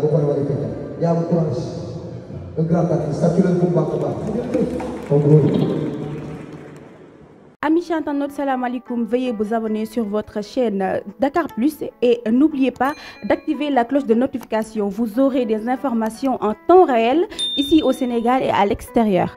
ba pare war a tëj yaa am sur euh, euh, la cloche de notification. Vous aurez des informations en temps réel ici au Sénégal et à l'extérieur.